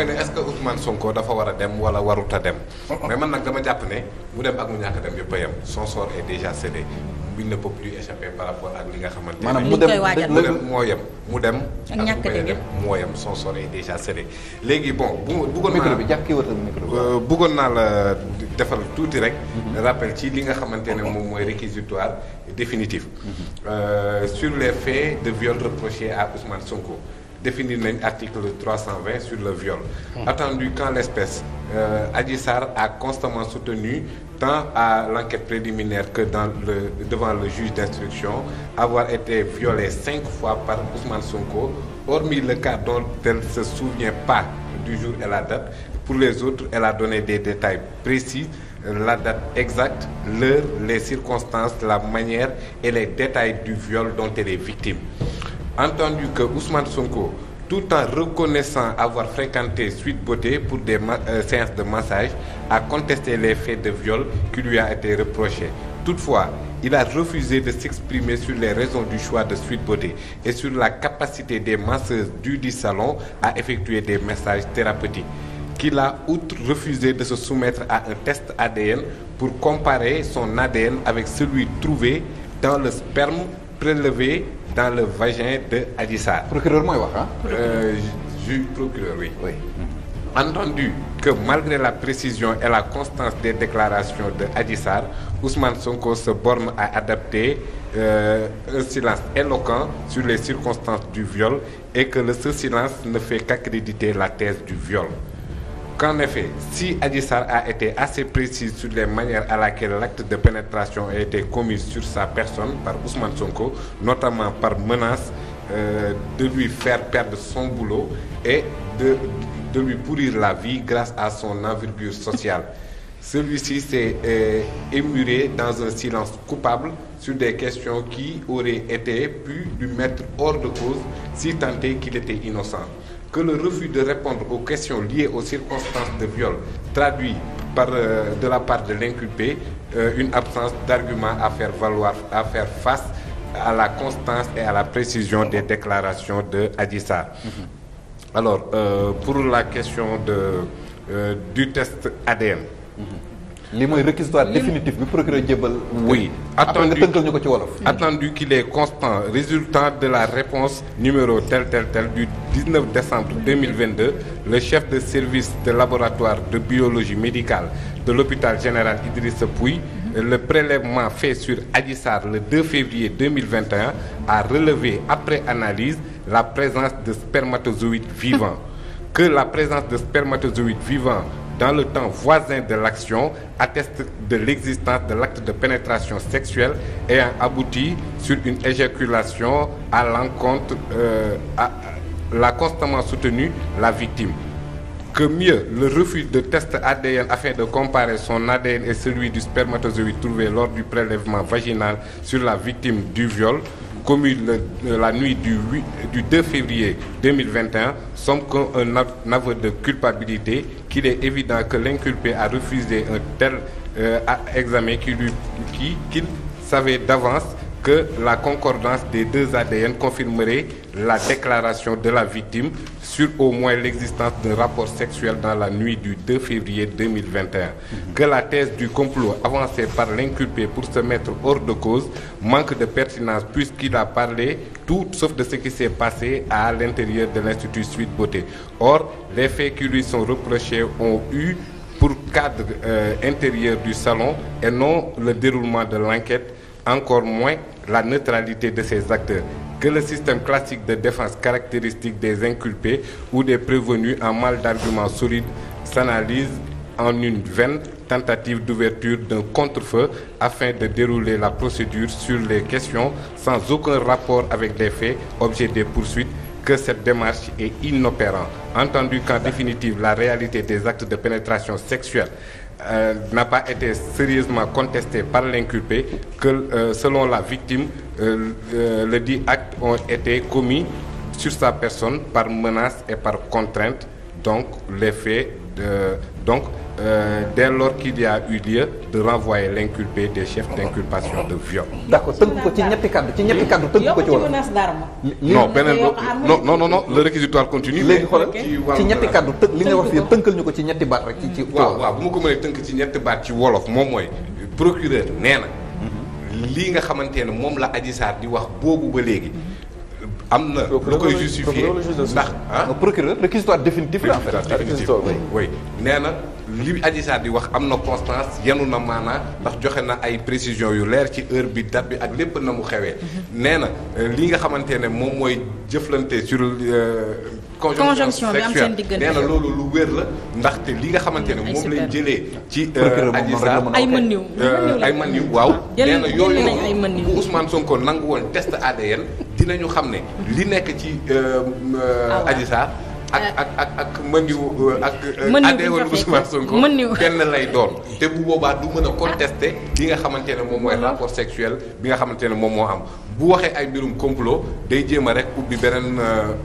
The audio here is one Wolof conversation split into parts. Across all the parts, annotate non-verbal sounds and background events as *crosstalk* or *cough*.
mooy ne est-ce que Ousmane Sonko dafa war a dem wala warut a dem. Oh, oh. mais man nag dama jàpp ne mu dem ak mu ñàkk dem yëpp a yem son sort est déjà scellé il ne peut plus échapper par rapport ak li nga xamante ne. maanaam mu dem mu dem moo yem mu dem. ak ñàkk a dem moo yem son sort est déjà scellé léegi bon bu bëggoon naa micro bi jàpp kii wër micro bëggoon euh, naa la defal tuuti rek. Mm-hmm. rappel ci li nga xamante ne moom mooy réquisitoire définitif. Mm-hmm. Euh, sur les faits de viol reprochés à Ousmane Sonko. définir nañ article 320 sur le viol. Mmh. attendu qu'en l'espèce euh, Adji Sarr a constamment soutenu tant à l'enquête préliminaire que dans le devant le juge d'instruction avoir été violée cinq fois par Ousmane Sonko hormis le cas dont elle ne se souvient pas du jour et la date pour les autres elle a donné des détails précis la date exacte l'heure les circonstances la manière et les détails du viol dont elle est victime entendu que Ousmane Sonko tout en reconnaissant avoir fréquenté Sweet Beauté pour des euh, séances de massage, a contesté les faits de viol qui lui a été reprochés. Toutefois, il a refusé de s'exprimer sur les raisons du choix de Sweet Beauté et sur la capacité des masseuses du salon à effectuer des messages thérapeutiques. Qu'il a outre refusé de se soumettre à un test ADN pour comparer son ADN avec celui trouvé dans le sperme prélevé dans le vagin de Adji Sarr. procureur mooy wax ah. Euh, juge procureur oui. oui. Entendu que malgré la précision et la constance des déclarations de Adji Sarr, Ousmane Sonko se borne à adapter euh, un silence éloquent sur les circonstances du viol et que le ce silence ne fait qu'accréditer la thèse du viol. qu'en effet, si Adissar a été assez précise sur les manières à laquelle l'acte de pénétration a été commis sur sa personne par Ousmane Sonko, notamment par menace euh, de lui faire perdre son boulot et de, de lui pourrir la vie grâce à son envergure sociale. Celui-ci s'est euh, émuré dans un silence coupable sur des questions qui auraient été pu lui mettre hors de cause si tant est qu'il était innocent. que le refus de répondre aux questions liées aux circonstances de viol traduit par, euh, de la part de l'inculpé euh, une absence d'argument à faire valoir, à faire face à la constance et à la précision des déclarations de Adji Sarr. Mm-hmm. Alors, euh, pour la question de, euh, du test ADN. Mm-hmm. li mooy réquisitoire définitif bi procureur jébbal. oui attendu nga tënkal ñu ko ci wolof. attendu qu'il est constant résultat de la réponse numéro tel tel tel du 19 décembre 2022 le de service de laboratoire de biologie médicale de l'hôpital général Idrissa Pouye mhm. le prélèvement fait sur Adji Sarr le 2 février 2021 a relevé après analyse la présence de spermatozoïdes vivants *laughs* que la présence de spermatozoïdes vivants dans le temps voisin de l'action atteste de l'existence de l'acte de pénétration sexuelle ayant abouti sur une éjaculation à l'encontre euh, à l'a constamment soutenu la victime que mieux le refus de test ADN afin de comparer son ADN et celui du spermatozoïde trouvé lors du prélèvement vaginal sur la victime du viol commis la nuit du 8, du 2 février 2021 semble qu'un aveu de culpabilité qu'il est évident que l'inculpé a refusé un tel euh, examen qui lui qui qu'il savait d'avance que la concordance des deux ADN confirmerait la déclaration de la victime sur au moins l'existence d'un rapport sexuel dans la nuit du 2 février 2021. Mhm. Que la thèse du complot avancée par l'inculpé pour se mettre hors de cause manque de pertinence puisqu'il a parlé tout sauf de ce qui s'est passé à l'intérieur de l'Institut Suite Beauté. Or, les faits qui lui sont reprochés ont eu pour cadre euh, intérieur du salon et non le déroulement de l'enquête encore moins la neutralité de ces acteurs que le système classique de défense caractéristique des inculpés ou des prévenus en mal d'arguments solides s'analyse en une vaine tentative d'ouverture d'un contre-feu afin de dérouler la procédure sur les questions sans aucun rapport avec les faits, objet des poursuites, que cette démarche est inopérante. Entendu qu'en définitive, la réalité des actes de pénétration sexuelle euh, n'a pas été sérieusement contesté par l'inculpé que euh, selon la victime euh, euh le dit acte ont été commis sur sa personne par menace et par contrainte donc les faits de donc euh, dès lors qu'il a eu lieu de renvoyer l'inculpé des chef d'inculpation de viol. d'accord tënk ko ci ñetti kaddu ci ñetti kaddu tënk ko ci woon. non beneen non non non le réquisitoire continue. léegi xoolal ci ñetti kaddu të li nga wax fii tënkal ñu ko ci ñetti baat rek. ci ci waaw waaw ma ko mënee tënk ci ñetti baat ci wolof moom mooy procureur nee na. Mhm. lii nga xamante ne moom la Adji Sarr di wax boobu ba léegi. am na lu koy justifié ndax ah procureur réquisitoire définitif la en fait réquisitoire définitif oui nee na li Adji Sarr di wax am na constance yenu na maanaa ndax joxe na ay précision yu leer ci heure bi date bi ak lépp na mu xewee mhm. nee na li nga xamante ne moom mooy jëflante sur euh, conjonction bi am seen diggante nee na loolu lu wér la ndaxte li nga xamante ne moom lañ jëlee ci euh, Adji Sarr ay mën niw euh, ay mën niw waaw nee na yooyu noonu bu Ousmane Sonko nangu woon test ADN dina dinañu xam ne li nekk ci euh, euh, ah Adji Sarr ak euh. ak ak ak mëniw ak adeewal Ousmane Sonko kenn lay doon *laughs* te bu boobaa du mën a contester ah. li nga xamante ne moom mooy uh-huh. rapport sexuel bi nga xamante ne moom moo am bu waxee ay mbirum complot day jéem a rek ubbi beneen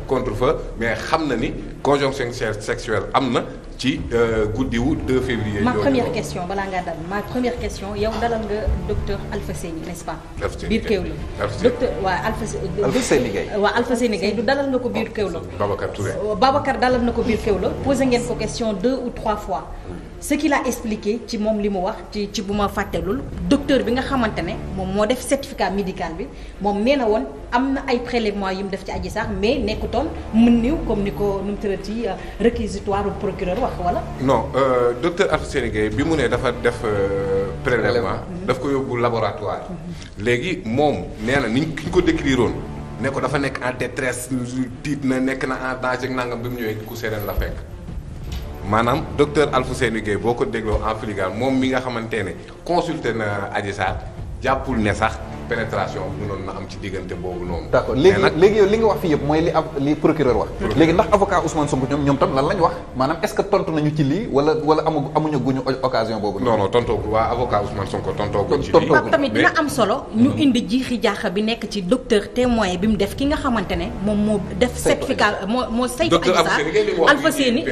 contre fa mais xam na ni conjonction sexuelle am na ci euh, guddiwu 2 février. ma première question balaa ngaa dal ma première question yow dalal nga docteur Alpha Seyni n'est-ce pas. biir Kéwoulo docteur waaw Alpha Alpha Seyni Gueye waaw Alpha Seyni Gueye du dalal na ko biir Kéwoulo. Babacar Touré euh, Babacar dalal na ko biir Kéwoulo posé ngeen ko question deux ou trois fois. Mm. ce qu'il a expliqué ci moom li mu wax ci ci bu ma fàttelul docteur bi nga xamante ne moom moo def certificat médical bi moom nee na woon am na ay prélèvements yu mu def ci Adji sax mais nekkutoon mën niw comme ni ko nu mu tërati euh, réquisitoire procureur wax wala. non euh, docteur Alfousseyni Gaye bi mu nee dafa def euh, prélèvement daf ko yóbbu laboratoire. léegi moom nee na ni ki ko décriroon ne ko dafa nekk en détresse tiit na nekk na en danger nangam bi mu ñëwee ku séeréer la fekk. maanaam docteur Alfousseyni Gaye boo ko dégloo en filigrane moom mi nga xamante ne consulté na Adji jàppul ne sax. pénétration mënoon na am ci diggante boobu noonu. d' accord léegi léegi yow li nga wax fii yëpp mooy li ab li procureur wax. léegi ndax avocat Ousmane Sonko ñoom ñoom tam lan lañ wax maanaam est ce nañu ci lii wala wala amu amuñu guñu occasion boobu. non non tontoo ko waa avocat Ousmane Sonko tontoo ko. ci lii waaw tamit dina am solo. ñu mm-hmm. indi jiixi jaaxa bi nekk ci docteur témoin bi mu def ki nga xamante ne moom moo def. certificat moo moo saytu. Alpha Séni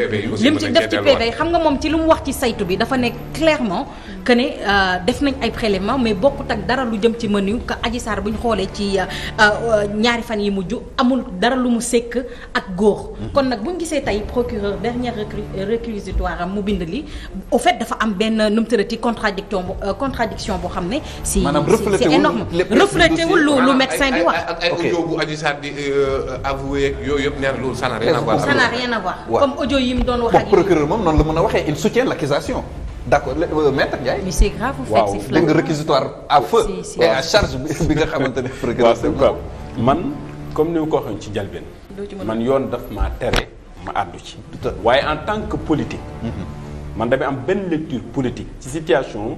li mu ci def ci PV xam nga moom ci li mu wax ci saytu bi dafa nekk clairement que ne euh, def nañ ay prélèvement mais bokkut ak dara lu jëm ci menu que Adji Sarr bu ñu xoolee ci euh, euh, ñaari fan yi mu mujj amul dara lu mu sekk ak góor. Mhm. kon nag bu gisee tey procureur dernière euh, réquisitoire am mu bind li au fait dafa am benn nu mu tërati contradiction contradiction boo xam ne. si c'est énorme reflété wul lu lu médecin bi ah, wax. ak ah, ah, ay audio bu Adji Sarr di avoué ak yooyu yëpp neen loolu ça n'a rien à comme audio yi mu doon wax ak procureur moom a waxee il soutient l'accusation d' accord euh, maître mais c' est grave vous faites si flagrant waaw dégg nga réquisitoire à feu. et à charge bi nga xamante ne. procureur man comme ni ma ko waxee ci njëlbeen. man yoon daf maa tere ma àddu ci. waaye en tant que politique. Mhm. man damay am benn lecture politique ci situation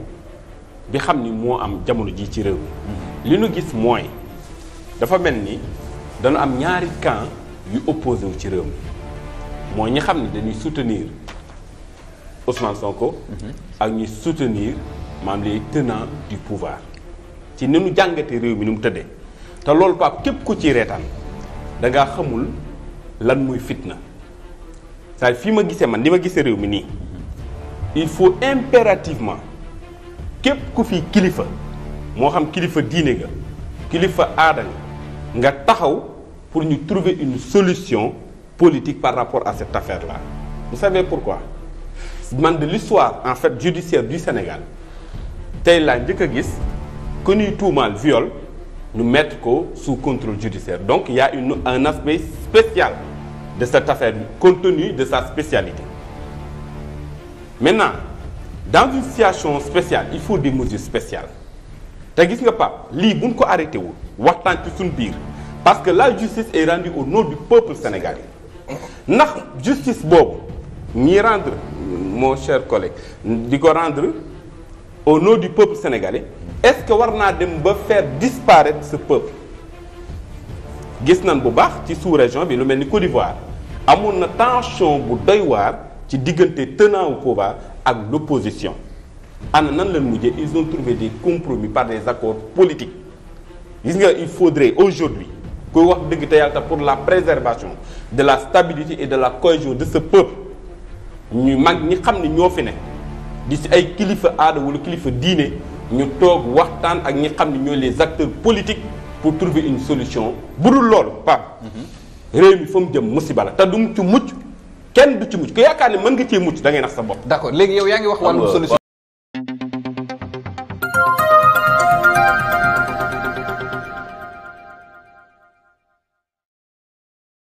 bi xam ni moo am jamono jii ci réew mhm. li nu gis mooy dafa mel ni dañu am ñaari camp yu opposé ci réew mi mooy ñi xam ne dañuy soutenir. Ousmane ko mhm. ak ñuy soutenir maam les tenants du pouvoir ci ni nu jàngatee réew mi ni mu tëddee te loolu Pape képp ku ciy reetaan da xamul lan muy fitna saa fii ma gisee man li ma gisee réew mi nii il faut impérativement képp ku fi kilifa moo xam kilifa diine nga kilifa aada nga nga taxaw pour ñu trouver une solution politique par rapport à cette affaire là vous savez pourquoi man de l'histoire en fait judiciaire du Sénégal tey la njëkk a gis ku ñuy tuumaal viol ñu mettre ko su contrôle judiciaire donc il y a une un aspect spécial de cette affaire bi compte de sa spécialité maintenant dans une situation spéciale il faut des mesures spéciale te gis nga Pape lii buñ ko arrêté wul waxtaan ci suñ biir parce que la justice est rendue au nom du peuple sénégalais ndax justice boobu ñi rendre mon cher collègue di ko rendre au nom du peuple sénégalais est-ce que war naa dem ba faire disparaître ce peuple gis nañ bu baax ci sous-région bi lu mel ni Côte d'Ivoire amoon na tension bu doy waar ci diggante tenant au pouvoir ak l'opposition ana nan lañ mujjee ils ont trouvé des compromis par des accords politiques gis nga il faudrait aujourd'hui kuy wax dëgg te yàlla pour la préservation de la stabilité et de la cohésion de ce peuple ñu mag ñi xam ne ñoo fi ne di ci ay kilifa aada wala kilifa diine ñu toog waxtaan ak ñi xam ne ñooy les acteurs politiques pour trouver une solution bu dul loolu Pape mhm. réew mi fa mu jëm musiba la te du mu ci mucc kenn du ci mucc ku yaakaar ne mën nga cee mucc da nax sa bopp. d'accord léegi yow yaa ngi wax wàllu solution.